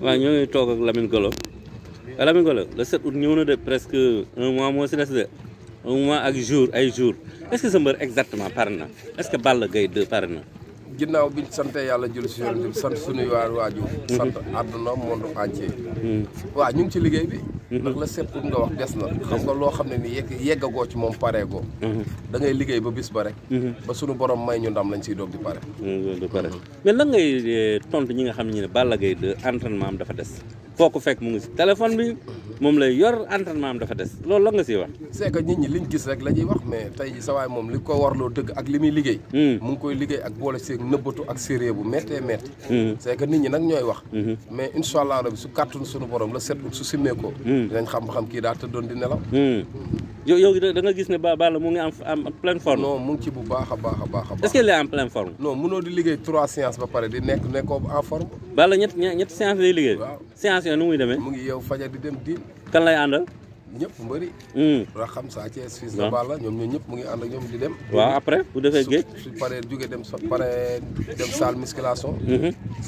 waaw ñoo toog ak Lamine Golo eh, Lamine Golo le 7 août ñëw na de presque un mois moo si de un mois ak jour ay jour est-ce que sa mbër exactement par na est-ce que Balla Gaye 2 pare na ginnaaw biñ sante yàlla jël si yoon bi sant suñuy waar waajur sant àdduna monde entier waaw ñu ngi ci liggéey bi ndax la set pour nga wax des na xam nga loo xam ne ni yegg yeggagoo ci moom pare da dangay liggéey ba bis ba rek ba suñu borom may ñu ndam lañ siy doog di pare di pare mais ngay tontu ñi nga xam ñi ne Balla Gaye de entraînement am dafa des foo ko fekk mu ngi si téléphone bi moom lay yor entraînement am dafa des loolu la nga siy wax. c'est que nit ñi liñ gis rek la ñuy wax mais tey sa waay moom li ko warloo dëgg ak li muy liggéey. Hmm. mu ngi koy liggéey ak boole seek nëbbatu ak séeréer bu méttee métti. Hmm. c'est que nit ñi nag ñooy wax. Hmm. mais incha allah rabi su kàttun sunu borom la seetlu su simmee ko. dinañ xam ba xam kii daa tëddoon di nelaw. yooyu yow da nga gis ne Ba Balla mu ngi am en pleine forme. non mu ngi ci bu baax a baax a baax a baax. est-ce qu'il est en pleine forme. liggéey trois séances ba pare di nekk nekkoo en forme. Balla ñett ñett séance lay liggéey. waaw séance yooyu nu muy demee. mu ngi yow fajar di dem di kan lay àndal. ñëpp mbëri. Hmm. raxam Sa Thiès fils de Balla ñoom ñoo ñëpp mu ngi ànd ak ñoom di dem. waa après bu defee géej su paree jóge dem sa paree dem salle musculation. si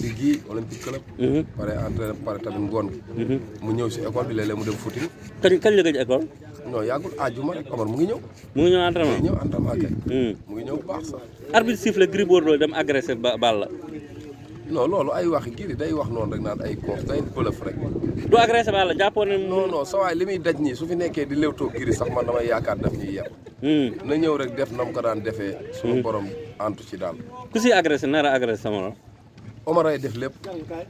hmm. gii olympique club. Hmm. pare entraîné pare tamit ngoon gi. mu ñëw si école bi léeg mu dem footing. kañ kañ non yàggul àjjuma ah, rek Omar mu ngi ñëw. mu ngi ñëw entraînement mu ngi ñëw entraînement kay. Hmm. mu ngi ñëw bu baax sax. arbitre siffle Gris Bordeaux dem agressé ba Balla. non loolu ay wax Gris day wax noonu rek naan ay conf day bluff rek. du agressé Balla jàppoon nañu. non non sa li muy daj nii su fi nekkee di léwtoo Gris sax man damay yaakaar daf ñuy yàq. Hmm. na ñëw rek def na mu ko daan defee. suñu hmm. borom antu ci daal. ku si agressé nar a agressé sama Omar ay def lépp.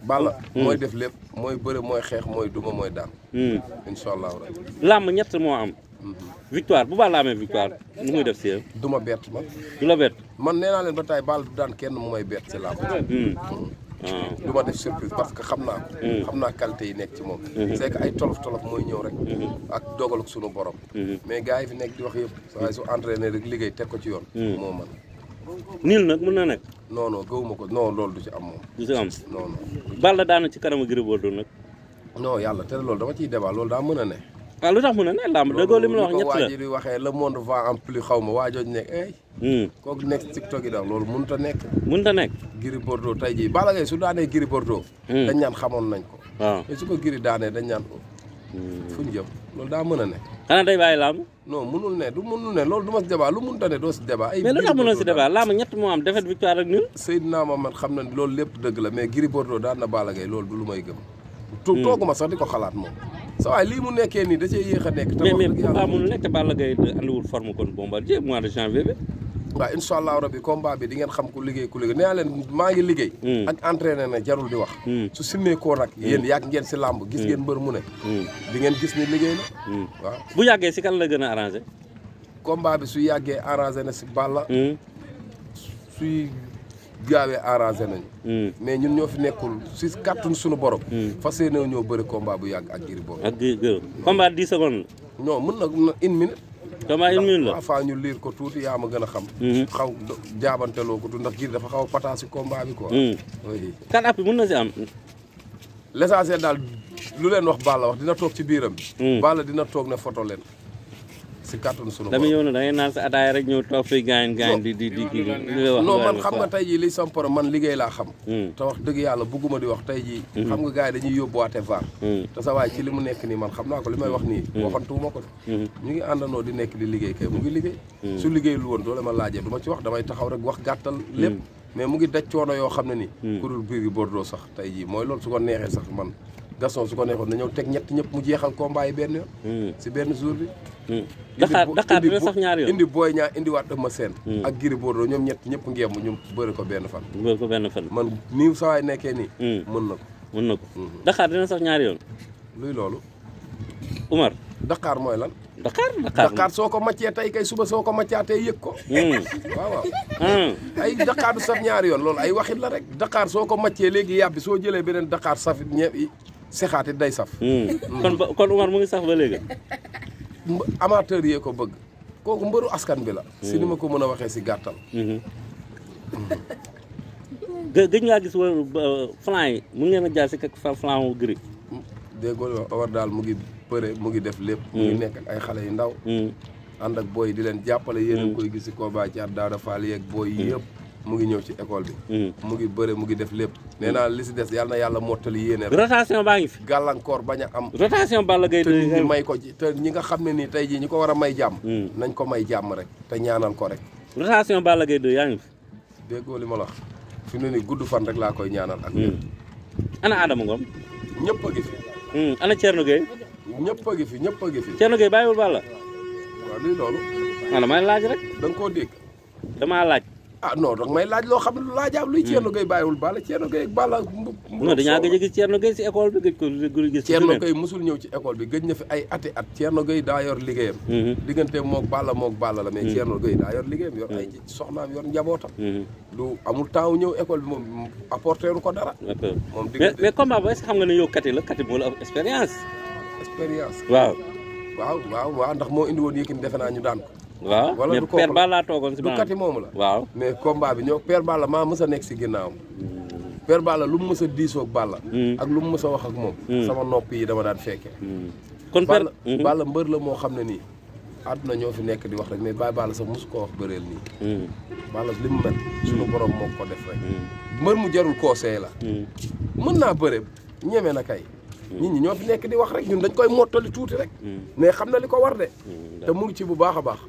Balla hmm. mooy def lépp mooy bëre mooy xeex mooy duma mooy daan. Hmm. incha allahu rabbi. làmb ñett moo am. Hmm. victoire bu Balla amee victoire nu muy def si yow. du ma bett man. du la bett. man nee naa leen ba tey du daan kenn mu may bett si làmb. Ah. du ma def surprise parce que xam naa ko. xam naa qualité yi nekk ci moom. c'est que ay tolof tolof mooy ñëw rek. ak dogal ak sunu borom. mais gars yi fi nekk di wax yëpp. waaye su entraîné rek liggéey teg ko ci yoon. moo man niil nag mën na nekk. non non gëwuma ko non loolu du ci am moom. du ci am non non. daanu ci kanamu Gris Bordeaux nag. non yàlla te loolu dama ciy débat loolu daa mën a ne. waaw ah, lu tax mën a ne làmb dëggoo li la wax ñett la loolu xaw ma waajoo nekk ay. Eh. Hmm. kooku nekk TikTok yi daal loolu mënut a nekk. mënut a nekk. Gris Bordeaux tey jii Balla ngay su daanee Gris Bordeaux. Hmm. dañ ñaan xamoon nañ ko. te ah. su ko Gris daanee dañ ñaan ko. Oh. Hmm. fuñ jëm loolu daa mën a ne. xanaa day bàyyi laamu. non mënul ne du mënul ne loolu du si débat lu mënta ne doo si débat. ay lu tax mënoo si débat laamu ñett moo am défaite victoire ak nul. Seydina Mohamed xam na loolu lépp dëgg la mais Gris Bordeaux daan na Balla Gaye loolu du lu may gëm. tu hmm. tooguma sax di ko xalaat moom. sa waay lii mu nekkee nii da yéex a nekk. te wax dëgg yàlla mais mais bu amul nekk Balla Gaye andiwul mois de janvier waaw incha allah rabi combat bi di ngeen xam ku liggéey ku liggéey nee maa ngi liggéey hmm. ak entraîné na jarul di wax hmm. su simmee koo nag hmm. yéen yàgg ngeen si làmb gis ngeen bër mu ne di ngeen gis ni liggéey na waaw bu yàggee si kan la gën a arrangé combat bi su yàggee arrangé na si Balla suy gaawee arrangé nañu mais ñun ñoo fi nekkul si kàttun sunu borom fas yéene ñoo bëri combat bu yàgg ak Gris Bordeaux ak Gris Bordeaux combat dix secondes une minute dama une minute la ñu liir ko tuuti yaam ma gën a xam mhm. xaw jaabanteloo ko tuuti ndax Gris dafa xaw a pataas si combat bi mhm. kan appui mën na si am l'essentiel daal lu leen wax Balla wax dina toog ci biiram mhm. Balla dina toog ne photo leen si kàttan sunu dama ñëw na da ngay naan sa ataaya rek ñëw toog fii gaañ gaañ di di kii non xam nga tey jii li sam problème man liggéey laa wax dëgg yàlla bugguma di wax tey jii xam nga gars yi dañuy yóbbuwaate var te sa waay ci li mu nekk nii man xam naa ko li may wax nii waxantuwuma ko ñu ngi àndandoo di nekk di liggéey kay mu ngi liggéey su woon doole ma laajee du ma wax damay taxaw rek wax gàttal lépp mais mu ngi daj coono yoo xam ne ni ku dul biir gi tey jii mooy loolu su ko neexee sax man Gaston su ko neexoon na ñëw teg ñett ñëpp mu jeexal combat yi benn yoon. Hmm. si benn jour bi. Hmm. Dakar Dakar dina sax ñaari yoon indi booy ñaa indiwaat Eumeu Sène. Hmm. ak Gris Bordeaux ñoom ñett ñëpp ngeem ñu bëri ko benn fan. bëri ko benn fan. man nii saa waay nekkee nii. mën na mën na ko. Dakar dina sax ñaari yoon. luy loolu. Umar. Dakar mooy lan. Dakar soo ko màccee tey kay suba soo ko màccaatee yëg ko. waaw waaw. ay Dakar du saf ñaari yoon loolu ay waxit la rek. Dakar soo ko màccee léegi yàbbi soo jëlee beneen Dakar saf ñebe sexaatit day saf. Hmm. kon ba Umar mu ngi saf ba léegi. amateur yee ko bëgg kooku mbëru askan bi la. si ni ma ko mën a waxee si gàttal. Hmm. gë gëj ngaa gis wala flan yi mun ngeen a jaar si kak flan wu gris. déggoo war daal mu ngi përe mu ngi def lépp. mu ngi hmm. nekk ak ay xale yu ndaw. ànd ak booy di leen jàppale. yéen a koy gis si Koba Thiat Daara Fall yeeg booy yëpp. mu ngi ñëw ci école bi. Hmm. mu ngi bëre mu ngi def lépp. nee naa li si des yàlla na yàlla mottali yéene rek. baa ngi fi. gàllankoor bañ a am. rotation Balla Gaye te may ko ci te ñi nga xam ne nii tey jii ñi ko war a may jàmm. Hmm. nañ ko may jàmm rek te ñaanal ko rek. rotation Balla Gaye 2 yaa ngi fi. déggoo li ma wax fi mu ne gudd fan rek laa koy ñaanal ak. Hmm. ana Adama Ngom. ñëpp a ngi fi. ana Thierno Gueye. ñëpp a ngi fi ñëpp gi ngi fi. Thierno Gueye bàyyiwul Balla. waaw luy loolu. waaw damay laaj rek. da nga koo dégg. damaa laaj. ah non donc may laaj loo xam ne laajaab luy Thierno Gueye bàyyiwul Balla Thierno Gueye ak Balla non dañaa gëj a gis Thierno Gueye si école bi gëj ko gis Thierno Gueye mosul ñëw ci école bi gëj na fi ay ati at Thierno Gueye daa yor liggéeyam mhm. diggante mook Balla mook Balla la mais mhm. Thierno Gueye daa yor liggéeyam yor ay mhm. soxnaam yor njabootam lu amul temps wu ñëw école bi moom apporté ko dara moom diggante mais combat ba est-ce que xam nga ne yow kati la kati moo waaw waaw waaw waaw ndax moo indi woon Yékini defe naa ñu daan waaw wala du Père Balla toogoon si du moom la waaw mais combat bi ñoo Père Balla maa mës a nekk si ginnaawam Père Balla lu mu mës a diisoog Balla hmm. ak lu mu mës a wax ak moom hmm. sama nopp yi dama daan fekke hmm. kon Père Balla mbër la moo xam ne nii àdduna ñoo fi nekk di wax rek mais Baye Balla sax mosu koo wax bëreel nii Balla li mu mel suñu ko def mbër mu jarul conseil la mën naa bëre ñeme na kay ñoo nekk di wax rek ñun dañ koy mottali tuuti rek mais xam na li ko war de te mu ngi ci bu baax a baax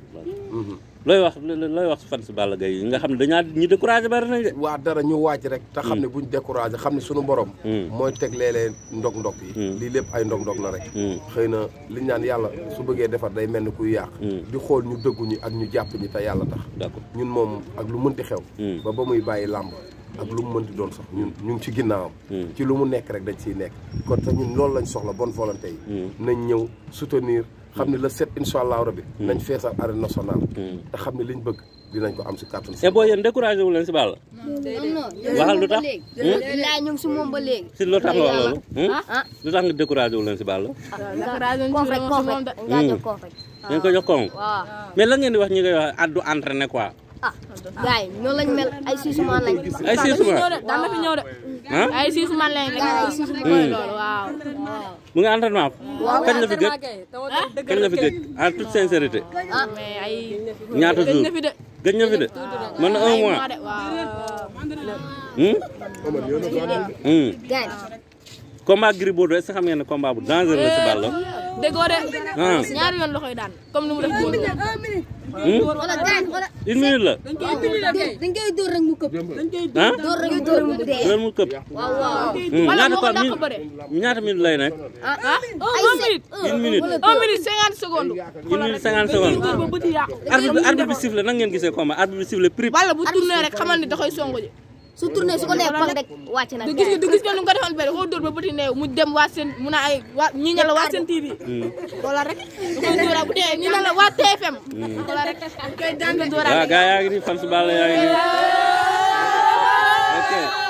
looy wax looy wax fan si Balla Gaye yi nga xam ne dañaa ñu découragé bari nañ de waa dara ñu wàcc rek te xam ne buñ découragé xam ne suñu borom hmm. mooy teg léeg-léeg ndog-ndog yi hmm. lii lépp ay ndog-ndog na rek hmm. xëy na li ñu naan yàlla su bëggee defar day mel ni kuy yàq di xool ñu dëggu ñi ak ñu jàpp ñu te yàlla tax d'accord ñun moom ak lu mënti xew ba ba muy bàyyi làmb ak lu mu mënti doon sax ñun ñu ngi ci ginnaawam ci lu mu nekk rek dañ siy nekk kon te ñun loolu lañ soxla bonne volonté yi nañ ñëw soutenir xam ne la sept incha allahu rabi. Hmm. nañ feesal arène nationale. Hmm. te xam ne liñ bëgg dinañ ko am si kàttan. te eh booy yéen découragé wu leen si Balla. waxal lu tax. Hmm? laa ñu si moom ba léegi. si lu tax ah? nga wax loolu. lu si Balla. Ah, kooku rek nga jox kooku rek. nga ah. mais lan ngeen wax ñi koy wax addu entraîné quoi. ah gars yi noonu lañ mel ay siisumaan lañ. ay siisumaan daan na fi ñëw de. ay siisumaan lañ nekk ay siisumaan loolu mu ngi entraînement kañ la fi gëj ah? kañ la ah, ñaata jours gëj na de mën na un mois. combat Gris Bordeaux est-ce que xam ngeen bu dangereux la ci déggoo de. ñaari yoon la koy daan comme ni mu def góor wala daan wala. une minute la. dañ koy dóor rek mu këpp. dañ koy dóor rek mu dóor mu dee. dóor mu këpp. waaw waaw. ñaata pa ñaata minute lay nekk. ah ah un minute. une minute un minute cinquante secondes. une minute cinquante secondes. arbitre bi arbitre bi siffle nan ngeen gisee combat arbitre bi siffle prix. wala bu tourné rek xamal ni da koy songo ji. su tourné su ko nee pang rek na. du gis du gis nga nu dem waa seen mu na ay waa ñii ne la waa seen TV. wala rek. du ko dóora bu dee ñii ne la waa TFM. wala rek mm. ah, kay daan